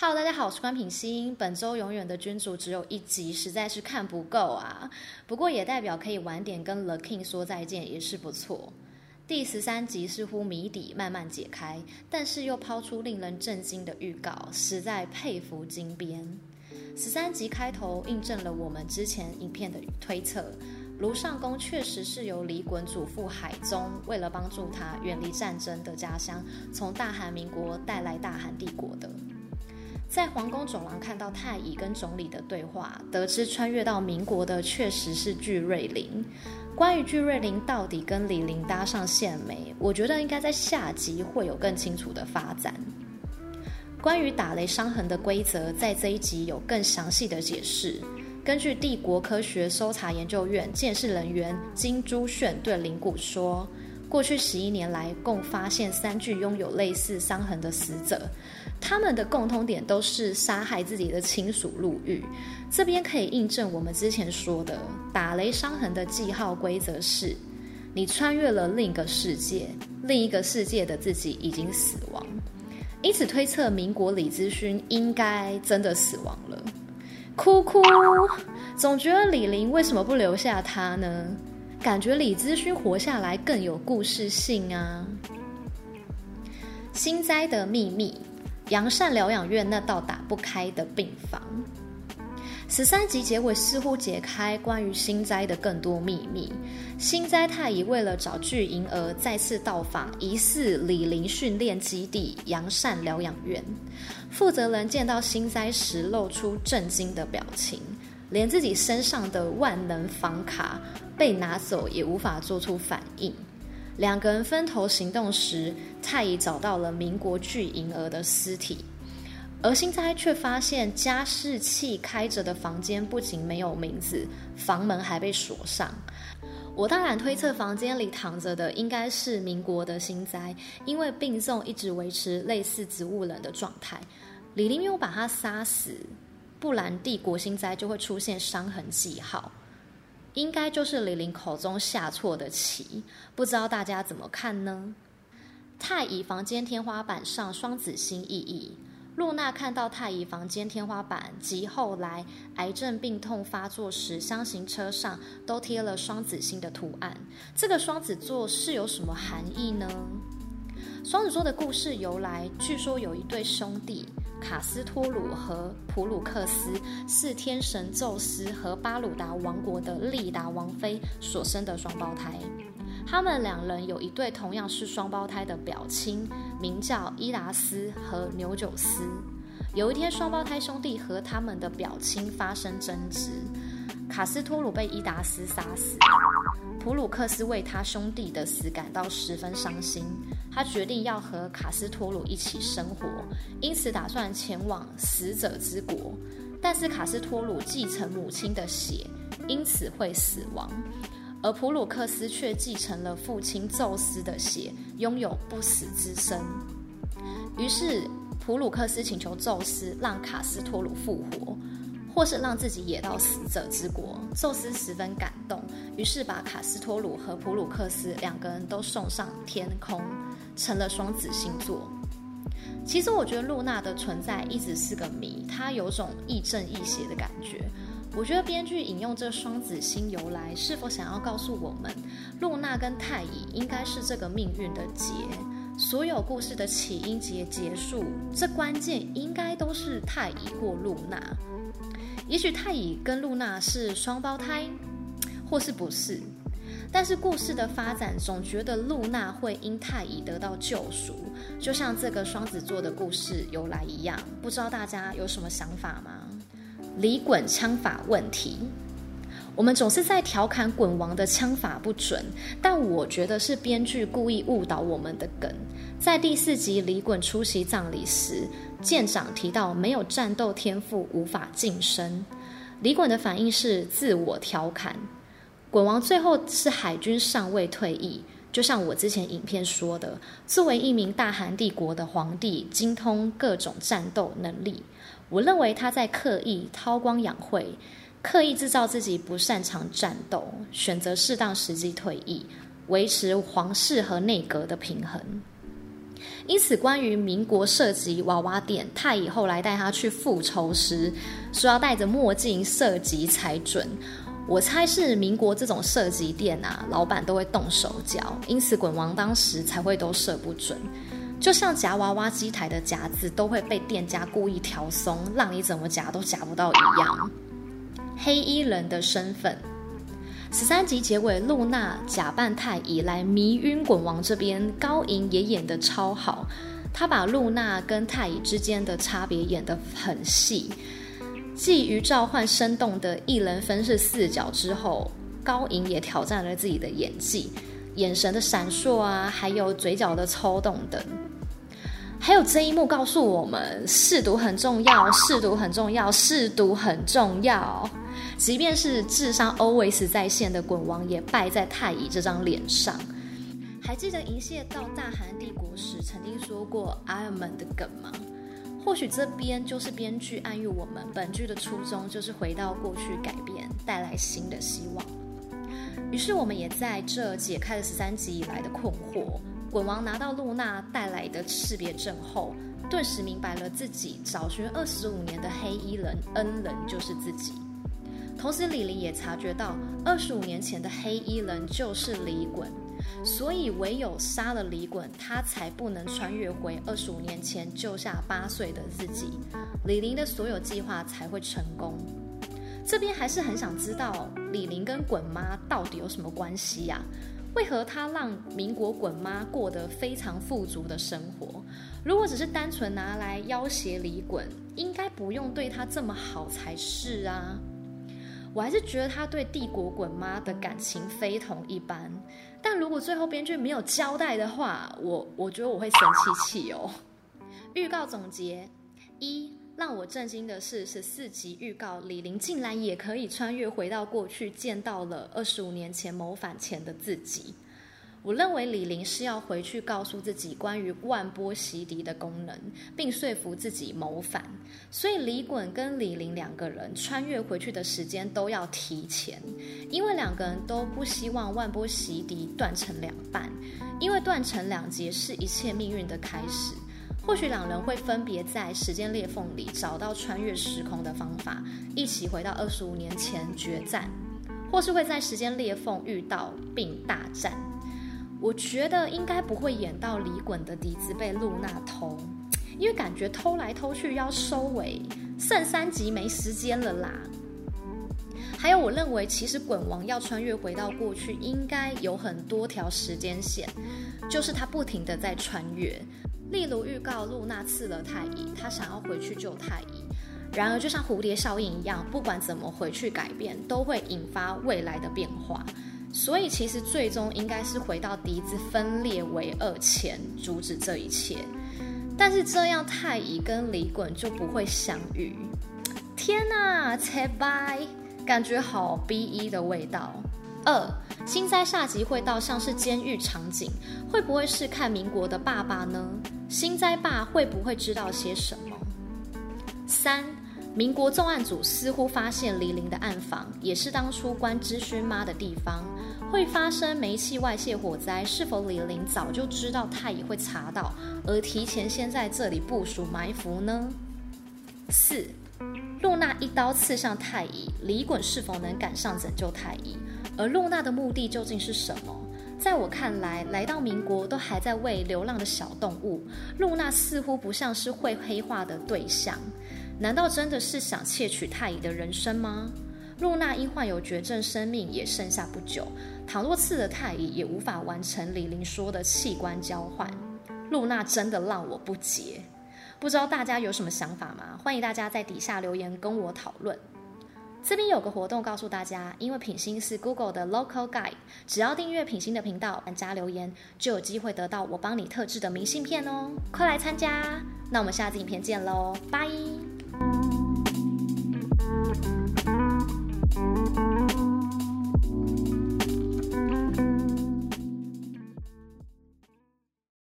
Hello，大家好，我是官品心。本周《永遠的君主》只有一集，實在是看不夠啊。不過也代表可以晚點跟 The King 說再見，也是不錯。第十三集似乎謎底慢慢解開，但是又拋出令人震驚的預告，實在佩服金編。十三集開頭印證了我們之前影片的推測，盧尚宮確實是由李袞祖父海宗為了幫助他遠離戰爭的家鄉，從大韓民國帶來大韓帝國的。在皇宮走廊看到太乙跟總理的對話，得知穿越到民國的確實是具瑞林。關於具瑞林到底跟李霖搭上線沒，我覺得應該在下集會有更清楚的發展。關於打雷傷痕的規則，在這一集有更詳細的解釋。根據帝國科學搜查研究院鑑識人員金珠炫對李袞說。過去十一年來，共發現三具擁有類似傷痕的死者，他們的共通點都是殺害自己的親屬入獄。這邊可以印證我們之前說的打雷傷痕的記號規則是：你穿越了另一個世界，另一個世界的自己已經死亡。因此推測，民國李知勳應該真的死亡了。哭哭，總覺得李霖為什麼不留下他呢？感覺李子勳活下來更有故事性啊！薪栽的秘密，楊善療養院那道打不開的病房。十三集結尾似乎解開關於薪栽的更多秘密。薪栽太乙為了找巨銀兒再次到訪疑似李霖訓練基地楊善療養院，負責人見到薪栽時露出震驚的表情，連自己身上的萬能房卡被拿走也無法做出反應。兩個人分頭行動時，太乙找到了民國具銀兒的屍體，而薪栽卻发現加濕器開着的房間不僅沒有名字，房門還被鎖上。我當然推測房間裡躺着的應該是民國的薪栽，因為病重一直維持類似植物人的狀態。李霖又把他殺死，不然帝國薪栽就會出現傷痕記號。應該就是李霖口中下錯的棋，不知道大家怎麼看呢？太乙房間天花板上雙子星意義，露娜看到太乙房間天花板及後來癌症病痛發作時，箱型車上都貼了雙子星的圖案，這個雙子座是有什麼含義呢？雙子座的故事由來，據說有一對兄弟卡斯托魯和普魯克斯，是天神宙斯和巴魯達王國的麗達王妃所生的雙胞胎。他們兩人有一對同樣是雙胞胎的表親，名叫伊達斯和牛九斯。有一天，雙胞胎兄弟和他們的表親發生爭執，卡斯托魯被伊達斯殺死。普魯克斯為他兄弟的死感到十分傷心，他決定要和卡斯托魯一起生活，因此打算前往死者之國。但是卡斯托魯繼承母親的血，因此會死亡，而普魯克斯卻繼承了父親宙斯的血，擁有不死之身。於是普魯克斯請求宙斯讓卡斯托魯復活。或是讓自己也到死者之國，宙斯十分感動，於是把卡斯托魯和普魯克斯兩個人都送上天空，成了雙子星座。其實我覺得露娜的存在一直是個謎，她有種亦正亦邪的感覺。我覺得編劇引用這雙子星由來，是否想要告訴我們，露娜跟太乙應該是這個命運的結，所有故事的起因、結、結束，這關鍵應該都是太乙或露娜。也許太乙跟露娜是雙胞胎，或是不是？但是故事的發展總覺得露娜會因太乙得到救贖，就像這個雙子座的故事由來一樣。不知道大家有什麼想法嗎？李袞槍法問題。我們總是在調侃袞王的槍法不準，但我覺得是編劇故意誤導我們的梗。在第四集李袞出席葬禮時，艦長提到沒有戰鬥天賦無法晉升，李袞的反應是自我調侃。袞王最後是海軍上尉退役，就像我之前影片說的，作為一名大韓帝國的皇帝，精通各種戰鬥能力，我認為他在刻意韜光養晦。刻意製造自己不擅長戰鬥，選擇適當時機退役，維持皇室和內閣的平衡。因此，關於民國射擊娃娃店，太乙後來帶他去復仇時說要戴着墨鏡射擊才準。我猜是民國這種射擊店啊，老闆都會動手腳，因此袞王當時才會都射不準。就像夾娃娃機台的夾子都會被店家故意調鬆，讓你怎麼夾都夾不到一樣。黑衣人的身份，十三集結尾，露娜假扮太乙來迷暈滾王這邊，這邊高銀也演得超好，他把露娜跟太乙之間的差別演得很細。繼於召喚生動的一人分飾四角之後，高銀也挑戰了自己的演技，眼神的閃爍啊，還有嘴角的抽動等，還有這一幕告訴我們，試毒很重要，試毒很重要，試毒很重要。即便是智商 always 在線的袞王，也敗在太乙這張臉上。還記得殷燮到大韓帝國時曾經說過 Ironman 的梗嗎？或許這邊就是編劇暗喻我們本劇的初衷，就是回到過去改變，帶來新的希望。於是我們也在這解開了十三集以來的困惑。袞王拿到露娜帶來的識別證後，頓時明白了自己找尋二十五年的黑衣人恩人就是自己。同時，李霖也察覺到，二十五年前的黑衣人就是李袞，所以唯有殺了李袞，他才不能穿越回二十五年前救下八歲的自己，李霖的所有計劃才會成功。這邊還是很想知道李霖跟袞媽到底有什麼關係呀、啊？為何他讓民國袞媽過得非常富足的生活？如果只是單純拿來要挾李袞，應該不用對他這麼好才是啊？我還是覺得他對帝國滾媽的感情非同一般，但如果最後編劇沒有交代的話，我我覺得我會生氣氣哦。預告總結一，讓我震驚的是，十四集預告，李霖竟然也可以穿越回到過去，見到了二十五年前謀反前的自己。我認為李霖是要回去告訴自己關於萬波息笛的功能，並說服自己謀反。所以李袞跟李霖兩個人穿越回去的時間都要提前，因為兩個人都不希望萬波息笛斷成兩半，因為斷成兩截是一切命運的開始。或許兩人會分別在時間裂縫裡找到穿越時空的方法，一起回到二十五年前決戰，或是會在時間裂縫遇到並大戰。我覺得應該不會演到李袞的笛子被露娜偷，因為感覺偷來偷去要收尾，剩三集沒時間了啦。還有，我認為其實袞王要穿越回到過去，應該有很多條時間線，就是他不停的在穿越。例如預告露娜刺了太乙，他想要回去救太乙，然而就像蝴蝶效應一樣，不管怎麼回去改變，都會引發未來的變化。所以其實最終應該是回到笛子分裂為二前阻止這一切，但是這樣太乙跟李衮就不會相遇。天吶、啊，切拜感覺好 B E 的味道。二，薪栽下集會到像是監獄場景，會不會是看民國的爸爸呢？薪栽爸會不會知道些什麼？三，民國重案組似乎發現李霖的暗房，也是當初關知勳媽的地方，會發生煤氣外泄火災？是否李霖早就知道太乙會查到，而提前先在這裡部署埋伏呢？四，露娜一刀刺向太乙，李袞是否能趕上拯救太乙？而露娜的目的究竟是什麼？在我看來，來到民國都還在餵流浪的小動物，露娜似乎不像是會黑化的對象，難道真的是想竊取太乙的人生嗎？露娜因患有絕症，生命也剩下不久。倘若刺的太乙也無法完成李霖說的器官交換，露娜真的讓我不解。不知道大家有什麼想法嗎？歡迎大家在底下留言跟我討論。這邊有個活動，告訴大家，因為品心是 Google 的 Local Guide，只要訂閱品心的頻道並加留言，就有機會得到我幫你特製的明信片哦！快來參加。那我們下次影片見嘍，拜，拜！